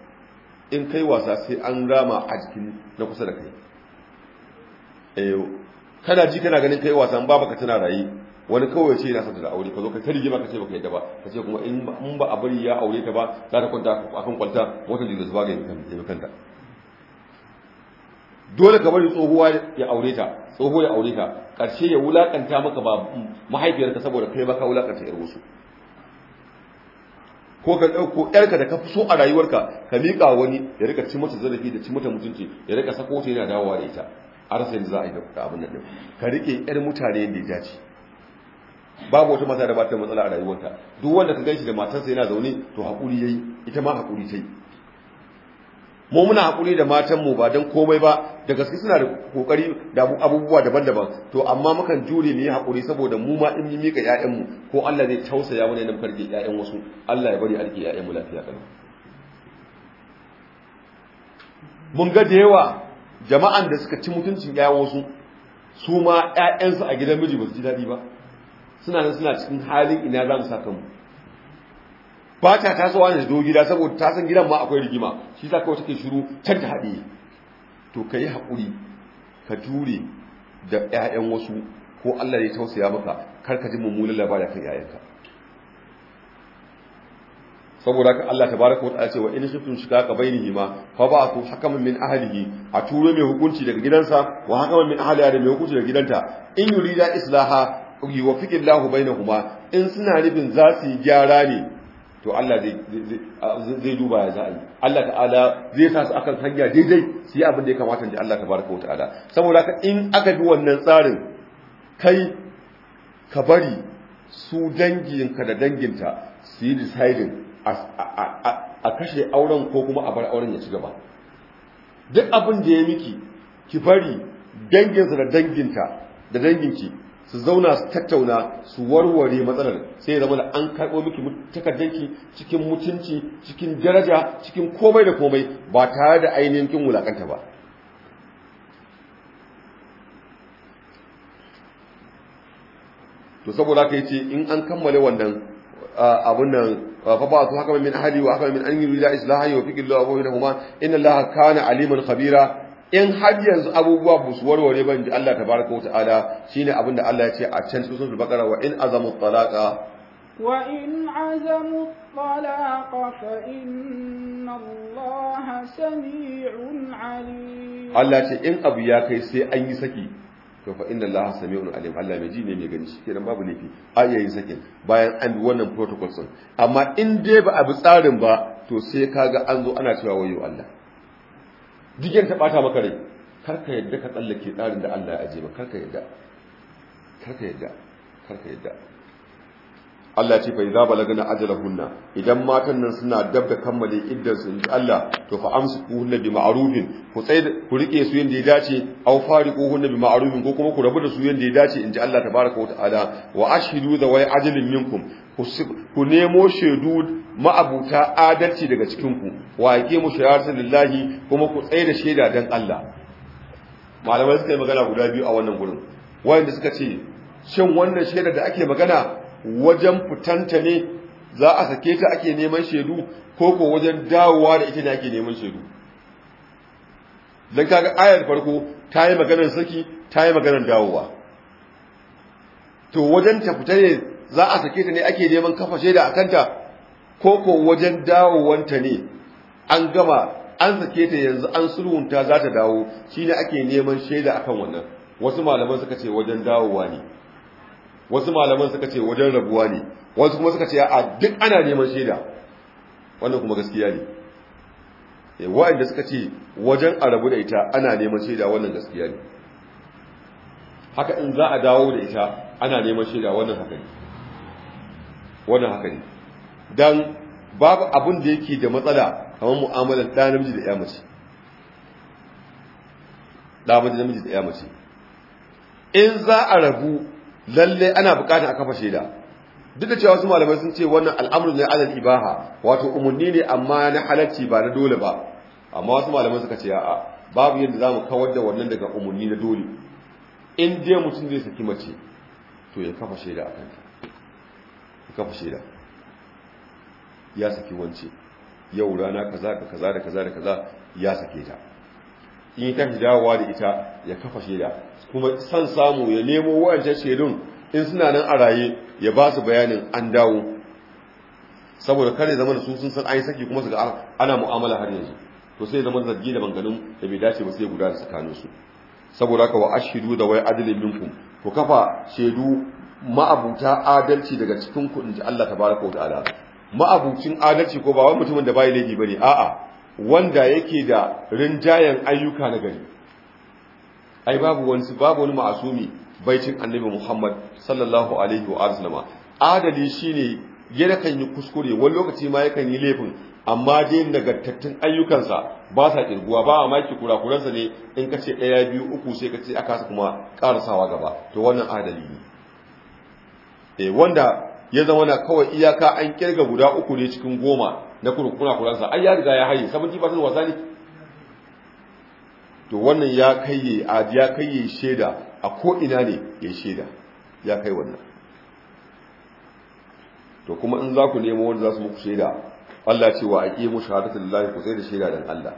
in kai wasa sai an rama a jikin na kusa da kai eh, kana ji kana ganin kai wasan ba baka tana rayi. wani kawai ce yana santa da aure ka zo ka ta rigima ka ce baka yadda ba ka ce kuma in ba a bari ya aure ka ba za ta kwanta a kan kwalta wata jesus ba ga yi kanta dole ka bari tsohuwa ya aure ta tsohuwa ya aure ta karshe ya wulakanta maka ba mahaifiyarka saboda kai baka ka wulakanta yar wasu ko ka ɗauko ɗarka da ka fi so a rayuwarka ka miƙa wani ya rika ci mata zarafi da ci mata mutunci ya rika sako ta yana dawowa da ita a rasa yadda za a yi da abin nan ka rike ƴar mutane da ya dace babu wata mata da ba ta matsala a rayuwarta duk wanda ka ganshi da matarsa yana zaune to haƙuri yi, ita ma haƙuri ta yi mu muna hakuri da matan mu ba dan komai ba da gaske suna da kokari da abubuwa daban-daban to amma mukan jure mu yi hakuri saboda mu ma in yi mika ƴaƴan mu ko Allah zai tausaya mana nan farke ƴaƴan wasu Allah ya bari alƙi ƴaƴan mu lafiya kana mun ga da yawa jama'an da suka ci mutuncin ƴaƴan wasu su ma ƴaƴansu a gidan miji ba su ji daɗi ba suna nan suna cikin halin ina za mu saka mu ba ta tasowa ne zo gida saboda ta san gidan ma akwai rigima shi sa kawai take shiru can ta haɗe to ka yi haƙuri ka jure da 'ya'yan wasu ko Allah ya tausaya maka kar ka ji mummunan labari kan 'ya'yanka saboda ka Allah tabaraka wa ta'ala ce wa in shiftum shikaka bainihima fa ba'athu hakaman min ahlihi a turo mai hukunci daga gidansa wa hakaman min ahliha da mai hukunci daga gidanta in yurida islaha yuwaffiqillahu bainahuma in suna nufin za su yi gyara ne to Allah zai duba ya za'a yi Allah ta'ala zai sa su akan hanya daidai su yi abin da ya kamata da Allah tabaraka wa ta'ala saboda ka in aka bi wannan tsarin kai ka bari su danginka da danginta su yi deciding a kashe auren ko kuma a bar auren ya ci gaba duk abin da ya miki ki bari danginsa da danginta da danginki su zauna su tattauna su warware matsalar sai ya zama da an karɓo miki takardanki cikin mutunci cikin daraja cikin komai da komai ba tare da ainihin kin wulakanta ba to saboda yi ce in an kammale wannan abun nan fa ba su haka min ahli wa haka min an yurida islahi wa fiqillahu wa bainahuma inna allaha kana aliman khabira in har yanzu abubuwa ba su warware ba da Allah tabaraka wa ta'ala shine abin da Allah ya ce a can cikin suratul baqara wa in azamu talaqa wa in azamu talaqa fa inna Allah sami'un alim Allah ce in abu ya kai sai an yi saki to fa inna Allah sami'un alim Allah mai ji ne mai gani shikenan babu laifi a iya yin sakin bayan an bi wannan protocol sun amma in dai ba a bi tsarin ba to sai kaga an zo ana cewa wayo Allah digiyar ta bata maka rai karka yadda ka tsallake tsarin da Allah ya aje ba karka yadda karka yadda karka yadda Allah ce fa idza balagna ajalahunna idan matan nan suna dab da kammale iddan su inji Allah to fa amsikuhunna bi ma'rufin ku tsaye ku rike su yanda ya dace aw fariquhunna bi ma'rufin ko kuma ku rabu da su yanda ya dace inji Allah tabaaraka wa ta'ala wa ashhidu dawai ajalin minkum ku nemo shaidu ma'abuta adalci daga cikinku wa yake mu shahadatu lillahi kuma ku tsaye da shaida dan Allah malamai suka yi magana guda biyu a wannan gurin wanda suka ce shin wannan shaida da ake magana wajen fitanta ne za a sake ta ake neman shaidu ko ko wajen dawowa da ita ne ake neman shaidu dan kaga ayar farko ta yi maganar saki ta yi maganar dawowa to wajen ta fita ne za a sake ta ne ake neman kafa shaida a kanta ko ko wajen dawowanta ne an gama an sake ta yanzu an sulhunta za ta dawo shi ne ake neman shaida akan wannan wasu malaman suka ce wajen dawowa ne wasu malaman suka ce wajen rabuwa ne wasu kuma suka ce a duk ana neman shaida wannan kuma gaskiya ne eh, wa'anda suka ce wajen a rabu da ita ana neman shaida wannan gaskiya ne haka in za a dawo da ita ana neman shaida wannan haka ne wannan haka ne dan babu abin da yake da matsala kamar mu'amalar ɗa namiji da ƴa mace namiji da in za a rabu lalle ana buƙatar a kafa shaida duk da cewa wasu malamai sun ce wannan al'amuru ne alal ibaha wato umarni ne amma na halarci ba na dole ba amma wasu malamai suka ce a'a babu yadda za mu kawar da wannan daga umarni na dole in dai mutum zai saki mace to ya kafa shaida a kanta kafa shaida ya saki wance yau rana kaza ka kaza da kaza da kaza ya sake ta in ta dawowa da ita ya kafa shaida kuma san samu ya nemo wa'ancan shaidun in suna nan a raye ya ba su bayanin an dawo saboda kare zama da su sun san an saki kuma su ga ana mu'amala har yanzu to sai zama zargi da banganun da bai dace ba sai guda da tsakaninsu. su saboda haka wa ashidu da wai adalin minkum ku kafa shaidu ma'abuta adalci daga cikin ku inji Allah tabaraka wa ta'ala ma'abucin adalci ko ba wani mutumin da bai laifi bane a'a wanda yake da rinjayen ayyuka na gari ai babu wani babu wani ma'asumi baitin annabi Muhammad sallallahu alaihi wa sallam adali shine kan yi kuskure wani lokaci ma yakan yi laifin amma dai nagartattun ayyukansa ba sa kirguwa ba maki kurakuransa ne in ka ce ɗaya biyu uku sai ka ce aka kuma ƙarasawa gaba to wannan adali ne Eh, wanda ya zama na kawai iyaka an kirga guda uku ne cikin goma na kurkuna kuransa ai ya riga ya haye 70% wasa ne to wannan ya kaiye ya kaiye sheda a ko ina ne ya sheda ya kai wannan to kuma in za ku nemo wanda za su muku sheda Allah ce wa aqimu shahadatu lillahi ku sai da sheda dan Allah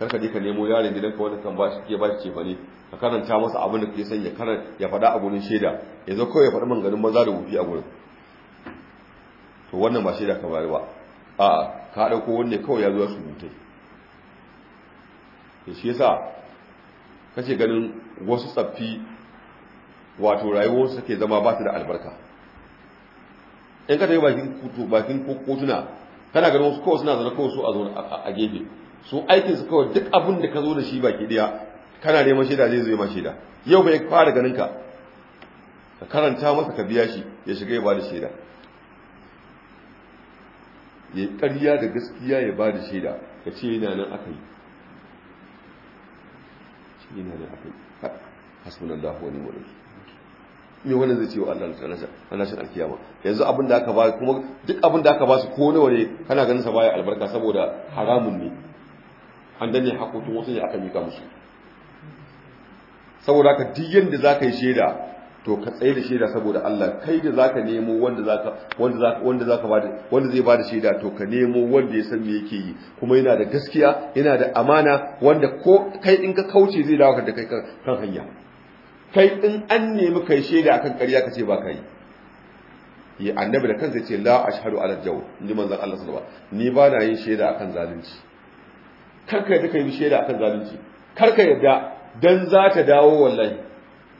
karka je ka nemo yaron ka wanda kan bashi ke ce cefane ka karanta masa abin da ke sanya ya karanta ya faɗa a gurin shaida ya zo kawai ya faɗi manganin maza da wufi a gurin to wannan ba shaida ka bari ba a ka ɗauko wanda kawai ya zo su rubutai to shi yasa kace ganin wasu tsaffi wato su take zama ba ta da albarka in ka tafi bakin kotuna kana ganin wasu kawai suna zaune kawai su a gefe su aikin su kawai duk abin da ka zo da shi baki daya kana neman shaida zai zo ma shaida yau bai fara ganin ka ka karanta masa ka biya shi ya shiga ya bada shaida ya ƙarya da gaskiya ya bada shaida ka ce yana nan aka yi shi yana nan aka yi hasunan lafi wani wani me zai ce wa Allah ranar alkiyama yanzu abin da aka ba kuma duk abin da aka ba su ko nawa ne kana ganin sa baya albarka saboda haramun ne an danne hakutun wasu ne aka mika musu saboda ka duk yanda zaka yi shaida to ka tsaye da shaida saboda Allah kai da zaka nemo wanda zaka wanda zaka wanda zaka bada wanda zai bada shaida to ka nemo wanda ya san me yake yi kuma yana da gaskiya yana da amana wanda ko kai in ka kauce zai dawo da kai kan hanya kai in an nemi kai shaida akan ƙarya ka ce ba kai yi annabi da kansa ya ce la ashhadu ala jaw inji manzon Allah sallallahu alaihi wasallam ni ba na yin shaida akan zalunci karka ka yadda ka yi shaida akan zalunci kar ka yadda dan za ta dawo wallahi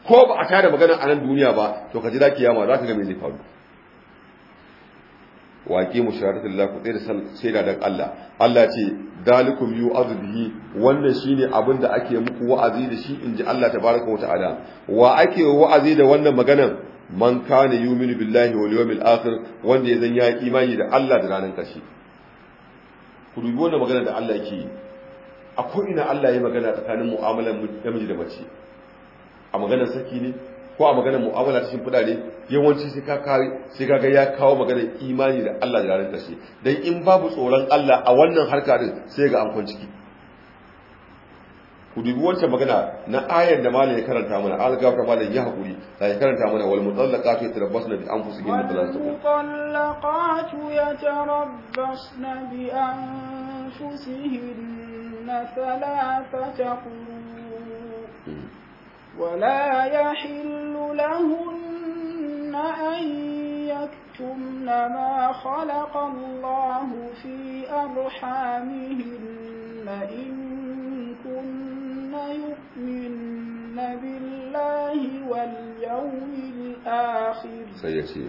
ko ba a tare magana a nan duniya ba to ka ji za ki yama za ka ga me zai faru waƙi mu shahararun Allah ku tsaye da shaida don Allah Allah ce dalikum yu azbihi wannan shine abin da ake muku wa'azi da shi inji Allah tabaraka wata'ala wa ake wa'azi da wannan maganan man kana yu'minu billahi wal yawmil akhir wanda ya zan ya imani da Allah da ranar kashi ku dubi wannan maganar da Allah yake yi a ina Allah ya magana tsakanin mu'amalar namiji da mace a maganar saki ne ko a maganar mu'amala ta fuda ne yawanci sai ka sai kaga ya kawo maganar imani da Allah da ranar kashe dan in babu tsoron Allah a wannan harka din sai ga amfan ciki ku dubi wancan magana na ayar da malam ya karanta mana al gafar malam ya hakuri da ya karanta mana wal mutallaqatu yatarabbasna bi anfusihin mutallaqatu yatarabbasna bi anfusihin يَتَّخِذُونَ ثَلَاثَةَ قُرُوءٍ وَلَا يَحِلُّ لَهُنَّ أَن يَكْتُمْنَ مَا خَلَقَ اللَّهُ فِي أَرْحَامِهِنَّ إِن كُنَّ يُؤْمِنَّ بِاللَّهِ وَالْيَوْمِ الْآخِرِ سيأتي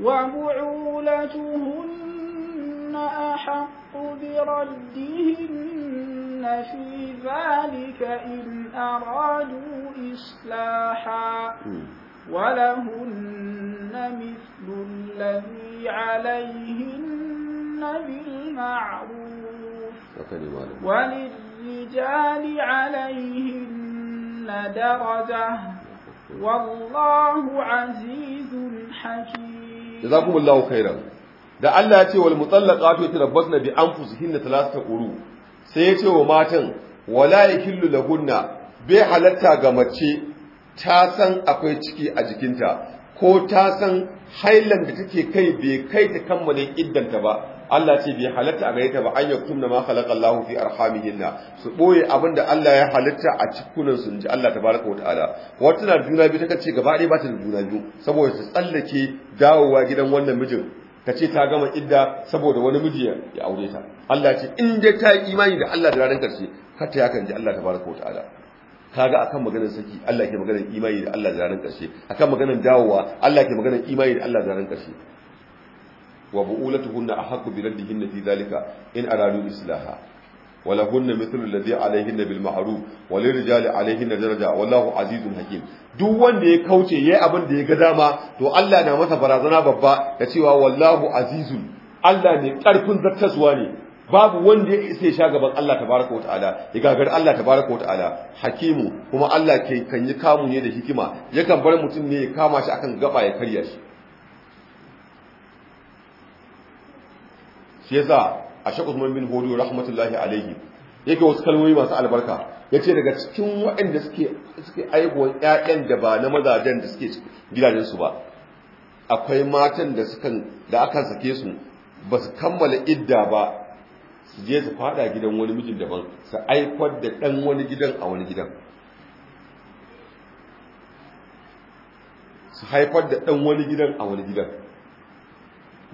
وبعولتهن أحق بردهن في ذلك إن أرادوا إصلاحا ولهن مثل الذي عليهن بالمعروف وللرجال عليهن درجة والله عزيز حكيم جزاكم الله خيرا da Allah ya ce wal mutallaqatu yatarabbasna bi anfusihinna thalathata quru sai ya ce wa matan wala ya killu lagunna bai halatta ga mace ta san akwai ciki a jikinta ko ta san hailan da take kai bai kai ta kammale iddanta ba Allah ce bai halatta a gare ta ba an kumna ma khalaqa Allahu fi arhamihinna su boye abinda Allah ya halatta a cikunan su ji Allah tabaraka wa ta'ala wata na juna biyu ta kace gaba ɗaya ba ta da juna biyu saboda su tsallake dawowa gidan wannan mijin ka ce ta gama idda saboda wani miji ya aure ta Allah ce in dai ta yi imani da Allah da ranar karshe har ta yakan ji Allah tabaraka wa ta'ala kaga akan maganar saki Allah ke maganar imani da Allah da ranar karshe akan maganar dawowa Allah ke maganar imani da Allah da ranar karshe wa bu'ulatuhunna ahaqqu bi raddihinna fi dhalika in aradu islaha ولهن مثل الذي عليهن بالمعروف وللرجال عليهن درجة والله عزيز حكيم duk wanda ya kauce yayi abin da ya ga dama to Allah na masa barazana babba da cewa wallahu azizun Allah ne karfin zattaswa ne babu wanda ya isa ya sha gaban Allah tabaraka ta'ala ya gagar Allah tabaraka ta'ala hakimu kuma Allah ke kan yi kamu ne da hikima yakan bar mutum ne ya kama shi akan gaba ya karya shi shi yasa a shakus bin hodo rahmatullahi alaihi yake wasu kalmomi masu albarka ya ce daga cikin waɗanda suke aihuwan 'ya'yan da ba na mazajen da suke gidajensu ba akwai matan da aka sake su ba su kammala idda ba su je su fada gidan wani mijin daban su aikwar da ɗan wani gidan a wani gidan su haifar da ɗan wani gidan a wani gidan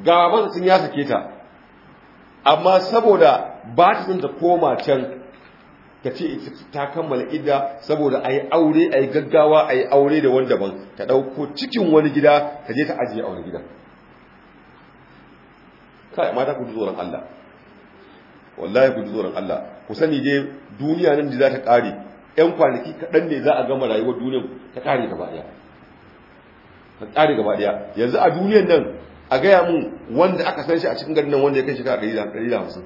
gaban sun ya sake ta amma saboda ba ta sun ta koma can ka ce ta kammala idda saboda a yi aure a yi gaggawa a yi aure da wanda ban ta ɗauko cikin wani gida ka je ta ajiye a wani gida kai mata ku ji tsoron Allah wallahi ku ji tsoron Allah ku sani dai duniya nan da za ta ƙare ƴan kwanaki kaɗan ne za a gama rayuwar duniyar ta ƙare gaba ɗaya ta ƙare gaba ɗaya yanzu a duniyar nan a gaya mun wanda aka san shi a cikin garin nan wanda ya kai shekara ɗari da hamsin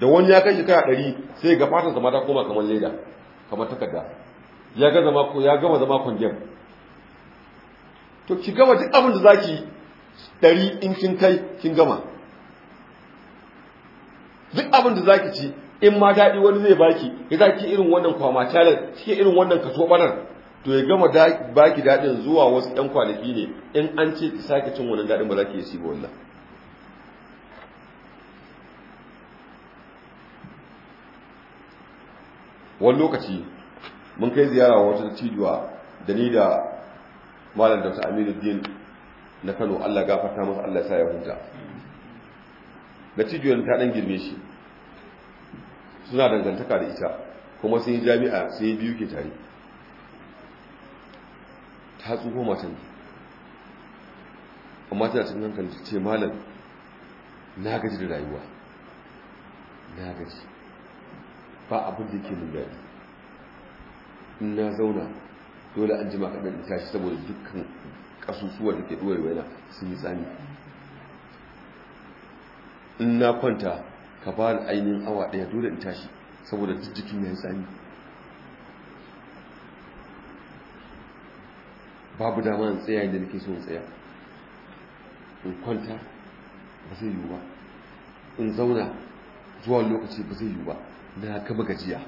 da wani ya kai shekara ɗari sai ga fatan zama ta koma kamar leda kamar takarda ya ga zama ko ya gama zama kwangen to ki gama duk abin da zaki ɗari in kin kai kin gama duk abin da zaki ci in ma daɗi wani zai baki ya zaki irin wannan kwama talar cikin irin wannan kaso banar to ya gama baki daɗin zuwa wasu ɗan kwanaki ne in an ce ki sake cin wannan daɗin ba za ki yi si ba wallah wani lokaci mun kai ziyara wata cijuwa da ni da malam da aminu din na kano allah gafarta masa allah sa ya hunta da cijuwar ta dan girme shi suna dangantaka da ita kuma sun yi jami'a sun yi biyu ke tare ta tsoho matan amma tana cikin hankali ce malam na gaji da rayuwa na gaji ba abin da ke min daɗi in na zauna dole an jima kaɗan in tashi saboda dukkan ƙasusuwa da ke ɗore waina sun yi tsani in na kwanta ka ba da ainihin awa ɗaya dole in tashi saboda jikin ya yi tsani babu dama in tsaya inda nake so in tsaya in kwanta ba zai yiwu ba in zauna zuwa lokaci ba zai yiwu ba na kaba gajiya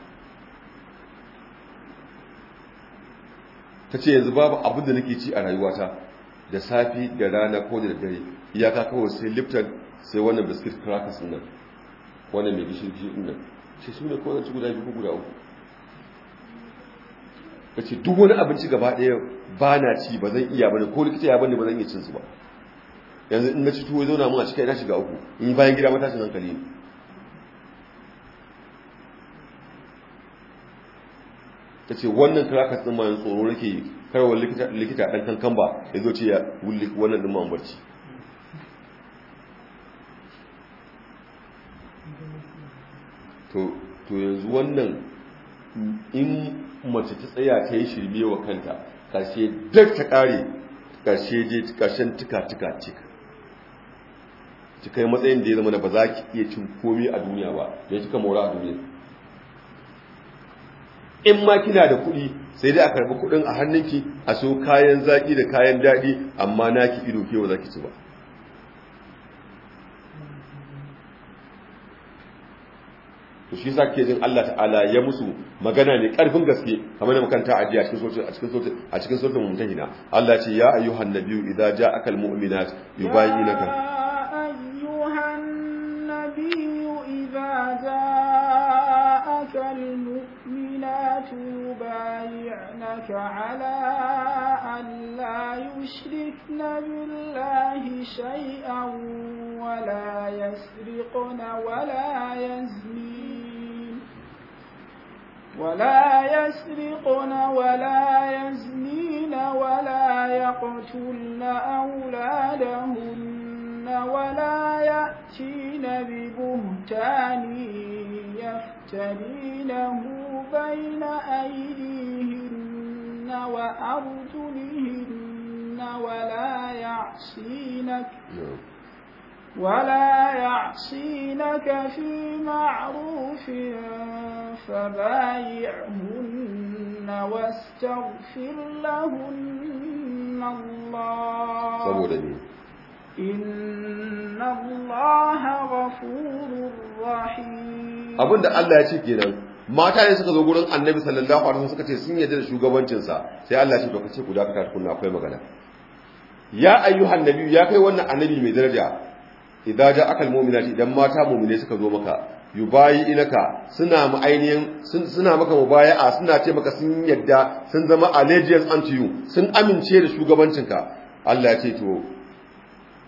ta ce yanzu babu abin da nake ci a rayuwata da safi da rana ko da dare iyaka kawai sai lipton sai wannan biskit crackers nan wannan mai gishiri ji nan ce su ne kawai ci guda biyu ko guda uku ta ce duk wani abinci gaba ɗaya ba na ci ba zan iya bane ko likita ya bane ba zan iya cin su ba yanzu in na ci tuwo zauna mun a cikin ina shiga uku in bayan gida matashin hankali ne ta ce wannan kirakas ɗin mayan tsoro nake karwar likita ɗan kankan ba ya zo ce ya wuli wannan ɗin mambarci to yanzu wannan in mace ta tsaya ta yi shirme wa kanta ƙarshe duk ta ƙare kashe je kashen tuka-tuka cika kai matsayin da ya zama da ba za ki iya cin komi a duniya ba ya cika mora a duniya in ma kina da kuɗi sai dai a karbi kuɗin a hannunki a so kayan zaki da kayan daɗi amma naki ido za zaki ci ba to shi yasa kake jin Allah ta'ala ya musu magana ne karfin gaske kamar da makanta a cikin a cikin sura a cikin Allah ce ya ayyuhan nabiyyu idza ja'akal mu'minat yubayyinaka ربك على أن لا يشركن بالله شيئا ولا يسرقن ولا يزنين ولا يسرقن ولا يزنين ولا يقتلن أولادهن ولا يأتين ببهتان يفترينه بين أيديهن وأرجلهن ولا يعصينك ولا يعصينك في معروف فبايعهن واستغفر لهن الله إن الله غفور رحيم أبدا الله يتكلم mata ne suka zo gurin annabi sallallahu alaihi wasallam suka ce sun yarda da sa sai Allah ya ce to kace ku dakata akwai magana ya ayyuhan nabiyyu ya kai wannan annabi mai daraja idza ja'aka mu'minati idan mata mu'mine suka zo maka yubayi ilaka suna mu ainihin suna maka mubaya'a suna ce maka sun yarda sun zama allegiance unto you sun amince da shugabancinka Allah ya ce to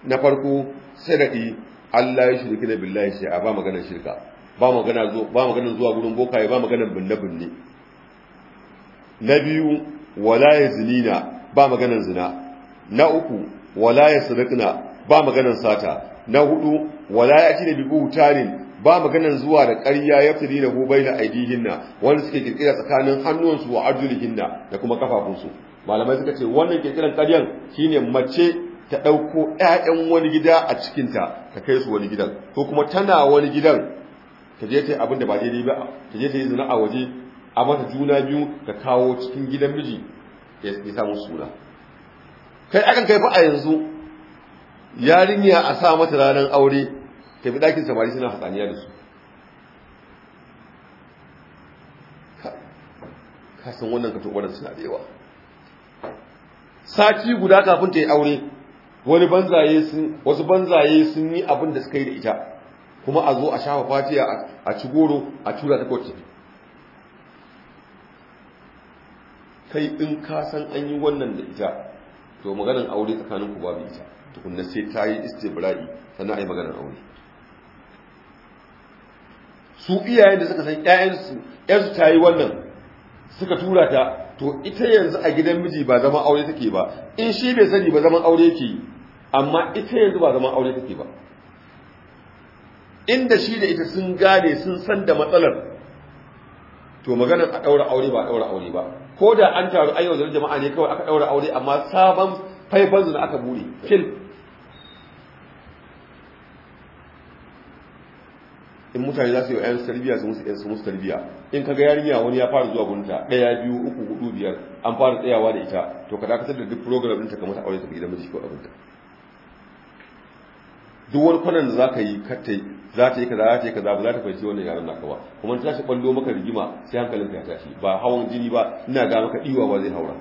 na farko sai Allah ya shirki da billahi sai a ba maganar shirka ba magana zuwa ba zuwa bokaye ba magana binne binne na biyu wala zinina, ba maganan zina na uku wala yasriqna ba maganan sata na hudu wala yati da bibu tarin ba maganan zuwa da ƙarya ya fi da hubai na hinna wanda suke kirkira tsakanin hannuwansu wa hinna da kuma kafafunsu malamai suka ce wannan kirkiran ƙaryan shine mace ta ɗauko 'ya'yan wani gida a cikinta ta kai su wani gidan ko kuma tana wani gidan ta je ta yi abin da ba daidai ba ta je ta yi zina a waje a mata juna biyu ta kawo cikin gidan miji ya samu suna kai akan kai fa a yanzu yarinya a sa mata ranar aure ta fi ɗakin samari suna hatsaniya da su ka san wannan ka tobar suna da yawa sati guda kafin ta yi aure wani banzaye sun wasu banzaye sun yi abin da suka yi da ita kuma a zo a shafa fatiya a ci goro a tura ta kwace kai in ka san an yi wannan da ita to maganar aure tsakanin ku babu ita tukunna sai ta yi istibra'i sannan a yi maganar aure su iyayen da suka san ƴaƴansu ƴansu ta yi wannan suka tura ta to ita yanzu a gidan miji ba zaman aure take ba in shi bai sani ba zaman aure yake yi amma ita yanzu ba zaman aure take ba inda shi da ita sun gane sun san da matsalar to maganar a ɗaura aure ba a ɗaura aure ba ko da an taru ayyau da jama'a ne kawai aka ɗaura aure amma sabon faifan zina aka buri fil in mutane za su yi wa 'yan tarbiyya su musu musu tarbiyya in kaga yarinya wani ya fara zuwa gunta ɗaya biyu uku hudu biyar an fara tsayawa da ita to ka dakatar da duk program ɗinta ka mata aure ta gidan miji ko abinta duk wani kwanan da za ka yi kattai za ta yi kaza za ta yi kaza ba za ta fahimci wannan yaran naka ba kuma ta shi ballo maka rigima sai hankalin ka ya tashi ba hawan jini ba ina ga maka iwa ba zai haura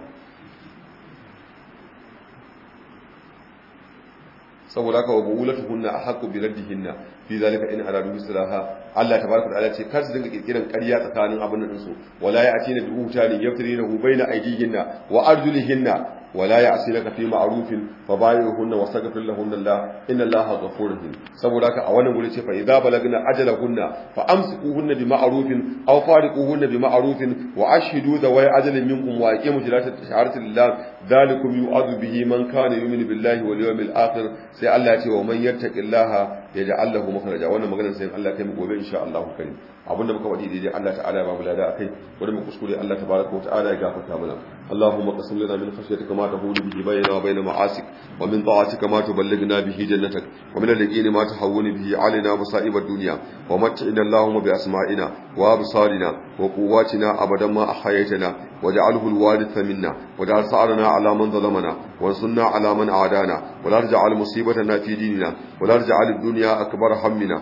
saboda haka wa bulatu hunna ahqqu bi raddihinna fi zalika in aradu bislaha Allah tabaraka wa ta'ala ce kar su dinga kirkiran ƙarya tsakanin abin nan su wala ya'tina bi utanin yaftirinahu baina aydihinna wa hinna. wala ya ya'silaka fi ma'rufin fa bayyuhunna wastaghfir lahunna Allah inna Allaha ghafurur rahim saboda haka a wannan guri ce fa idza balagna ajalahunna fa amsikuhunna bi ma'arufin. aw fariquhunna bi ma'arufin. wa ashhidu dawai ajalin minkum wa aqimu shahadata lillah dalikum yu'adu bihi man kana yu'minu billahi wal yawmil akhir sai Allah ya ce wa man yattaqillaha yaj'al lahu makhraja wannan maganar sai Allah kai mu gobe insha Allah karim abinda muka wadi daidai Allah ta'ala ya babu lada akai wanda mu kuskure Allah tabaraka wa ta'ala ya gafarta mana Allahumma qasim lana min khashyatika ma tahulu bihi bayna wa bayna ma'asik wa min ta'atika ma tuballighna bihi jannatak wa min al-yaqini ma tahawwini bihi alaina masa'ib ad-dunya wa mat'ina Allahumma bi asma'ina wa absarina wa quwwatina abadan ma ahayaytana واجعله الوارث منا وجعل سعرنا على من ظلمنا وانصرنا على من عادانا ولا تجعل مصيبتنا في ديننا ولا تجعل الدنيا أكبر همنا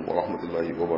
alaikum wa rahmatullahi wa